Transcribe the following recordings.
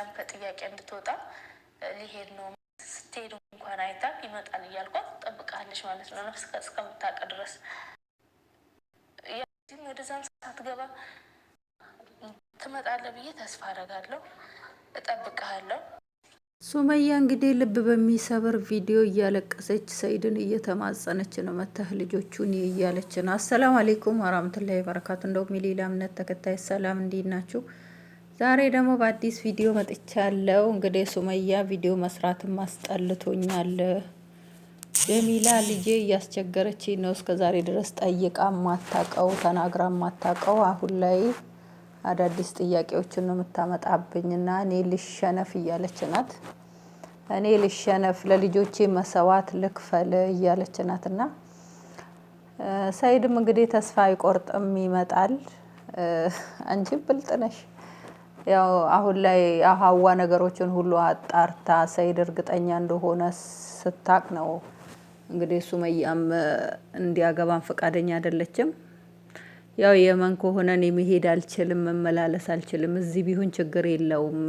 ከዛም ከጥያቄ እንድትወጣ ሊሄድ ነው ስትሄድ እንኳን አይታ ይመጣል እያልኳት ጠብቃለች ማለት ነው፣ ነፍስ እስከምታውቅ ድረስ ያዚህም ወደዛም ሳትገባ ትመጣለ ብዬ ተስፋ አደርጋለሁ፣ እጠብቅሃለሁ። ሱመያ እንግዲህ ልብ በሚሰብር ቪዲዮ እያለቀሰች ሰይድን እየተማጸነች ነው። መተህ ልጆቹን እያለች ነው። አሰላሙ አሌይኩም ወራህመቱላሂ ወበረካቱ። እንደውም የሌላ እምነት ተከታይ ሰላም እንዴት ናችሁ? ዛሬ ደግሞ በአዲስ ቪዲዮ መጥቻለሁ። እንግዲህ ሱመያ ቪዲዮ መስራትም አስጠልቶኛል። ጀሚላ ልጄ እያስቸገረች ነው። እስከ ዛሬ ድረስ ጠይቃ ማታቀው ተናግራ ማታቀው አሁን ላይ አዳዲስ ጥያቄዎችን ነው የምታመጣብኝና እኔ ልሸነፍ እያለች ናት። እኔ ልሸነፍ ለልጆቼ መሰዋት ልክፈል እያለች ና ሰይድም እንግዲህ ተስፋ አይቆርጥም ይመጣል። አንቺ ብልጥ ነሽ ያው አሁን ላይ አሀዋ ነገሮችን ሁሉ አጣርታ ሰይድ እርግጠኛ እንደሆነ ስታቅ ነው እንግዲህ ሱመያም እንዲያገባን ፈቃደኛ አይደለችም። ያው የመን ከሆነ እኔ መሄድ አልችልም፣ መመላለስ አልችልም፣ እዚህ ቢሆን ችግር የለውም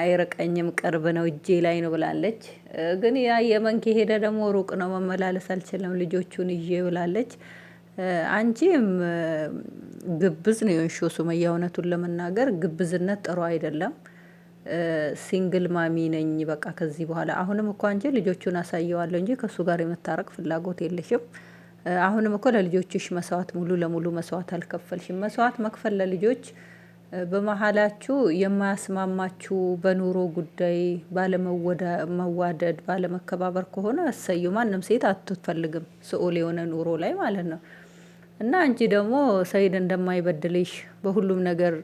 አይርቀኝም፣ ቅርብ ነው፣ እጄ ላይ ነው ብላለች። ግን ያ የመን ከሄደ ደግሞ ሩቅ ነው፣ መመላለስ አልችልም ልጆቹን ይዤ ብላለች። አንቺ ግብዝ ነው የሆንሽው ሱመያ፣ እውነቱን ለመናገር ግብዝነት ጥሩ አይደለም። ሲንግል ማሚ ነኝ በቃ ከዚህ በኋላ አሁንም እኮ አንቺ ልጆቹን አሳየዋለሁ እንጂ ከእሱ ጋር የመታረቅ ፍላጎት የለሽም። አሁንም እኮ ለልጆችሽ መስዋዕት ሙሉ ለሙሉ መስዋዕት አልከፈልሽም። መስዋዕት መክፈል ለልጆች በመሀላችሁ የማያስማማችሁ በኑሮ ጉዳይ ባለመዋደድ፣ ባለመከባበር ከሆነ እሰዩ። ማንም ሴት አትፈልግም ስኦል የሆነ ኑሮ ላይ ማለት ነው። እና አንቺ ደግሞ ሰይድ እንደማይበድልሽ በሁሉም ነገር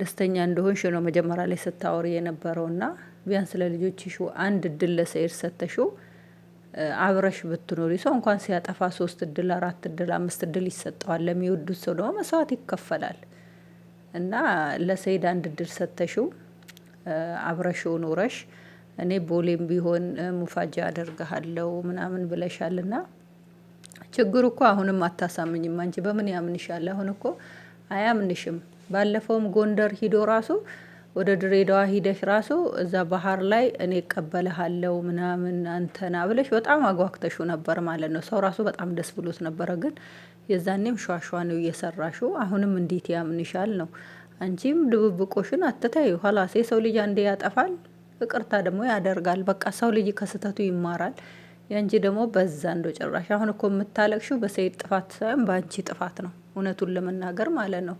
ደስተኛ እንደሆንሽ ነው መጀመሪያ ላይ ስታወሪ የነበረው እና ቢያንስ ለልጆችሽ አንድ እድል ለሰይድ ሰተሽው አብረሽ ብትኖሪ ሰው እንኳን ሲያጠፋ ሶስት እድል፣ አራት እድል፣ አምስት እድል ይሰጠዋል። ለሚወዱት ሰው ደግሞ መስዋዕት ይከፈላል እና ለሰይድ አንድ እድል ሰተሽው አብረሽው ኑረሽ እኔ ቦሌም ቢሆን ሙፋጃ አደርግሃለው ምናምን ና ችግሩ እኮ አሁንም አታሳምኝም አንቺ በምን ያምንሻል? አሁን እኮ አያምንሽም። ባለፈውም ጎንደር ሂዶ ራሱ ወደ ድሬዳዋ ሂደሽ ራሱ እዛ ባህር ላይ እኔ እቀበልሃለሁ ምናምን አንተና ብለሽ በጣም አጓግተሹ ነበር ማለት ነው። ሰው ራሱ በጣም ደስ ብሎት ነበረ። ግን የዛኔም ሸዋሸዋ ነው እየሰራሹ። አሁንም እንዴት ያምንሻል ነው። አንቺም ድብብቆሽን አትታዩ። ኋላስ ሰው ልጅ አንዴ ያጠፋል፣ ይቅርታ ደግሞ ያደርጋል። በቃ ሰው ልጅ ከስህተቱ ይማራል። የአንቺ ደግሞ በዛ እንዶ ጭራሽ አሁን እኮ የምታለቅሽው በሰይድ ጥፋት ሳይሆን በአንቺ ጥፋት ነው። እውነቱን ለመናገር ማለት ነው።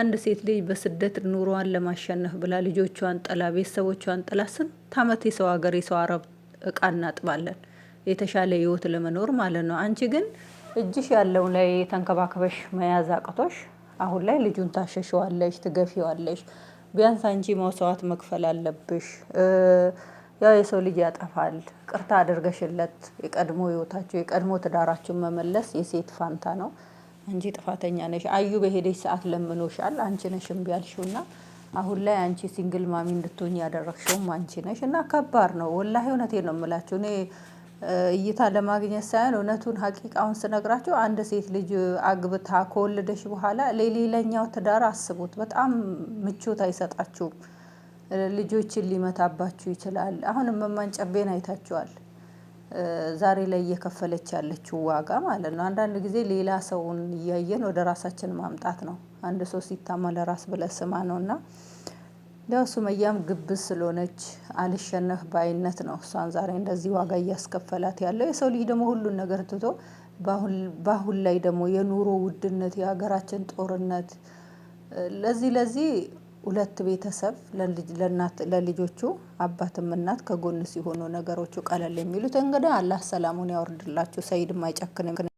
አንድ ሴት ልጅ በስደት ኑሮዋን ለማሸነፍ ብላ ልጆቿን ጥላ ቤተሰቦቿን ጥላ ስንት ዓመት የሰው ሀገር የሰው አረብ እቃ እናጥባለን የተሻለ ህይወት ለመኖር ማለት ነው። አንቺ ግን እጅሽ ያለውን ላይ የተንከባከበሽ መያዝ አቅቶሽ አሁን ላይ ልጁን ታሸሸዋለሽ፣ ትገፊዋለሽ። ቢያንስ አንቺ መስዋዕት መክፈል አለብሽ። ያው የሰው ልጅ ያጠፋል። ቅርታ አድርገሽለት የቀድሞ ህይወታቸው የቀድሞ ትዳራችሁን መመለስ የሴት ፋንታ ነው እንጂ ጥፋተኛ ነሽ። አዩ በሄደች ሰዓት ለምኖሻል፣ አንቺ ነሽ እምቢ ያልሽውና አሁን ላይ አንቺ ሲንግል ማሚ እንድትሆኝ ያደረግሽውም አንቺ ነሽ እና ከባድ ነው። ወላሂ እውነቴ ነው የምላችሁ እኔ እይታ ለማግኘት ሳይሆን እውነቱን ሀቂቃውን ስነግራቸው አንድ ሴት ልጅ አግብታ ከወለደሽ በኋላ ለሌላኛው ትዳር አስቡት። በጣም ምቾት አይሰጣችሁም። ልጆችን ሊመታባችሁ ይችላል። አሁንም መማን ጨቤን አይታችኋል። ዛሬ ላይ እየከፈለች ያለችው ዋጋ ማለት ነው። አንዳንድ ጊዜ ሌላ ሰውን እያየን ወደ ራሳችን ማምጣት ነው። አንድ ሰው ሲታማ ለራስ ብለህ ስማ ነው። እና ያው ሱመያም ግብስ ስለሆነች አልሸነፍ ባይነት ነው እሷን ዛሬ እንደዚህ ዋጋ እያስከፈላት ያለው። የሰው ልጅ ደግሞ ሁሉን ነገር ትቶ በአሁን ላይ ደግሞ የኑሮ ውድነት፣ የሀገራችን ጦርነት ለዚህ ለዚህ ሁለት ቤተሰብ ለልጆቹ አባትም እናት ከጎን ሲሆኑ ነገሮቹ ቀለል የሚሉት እንግዲህ አላህ ሰላሙን ያወርድላችሁ። ሰይድ የማይጨክን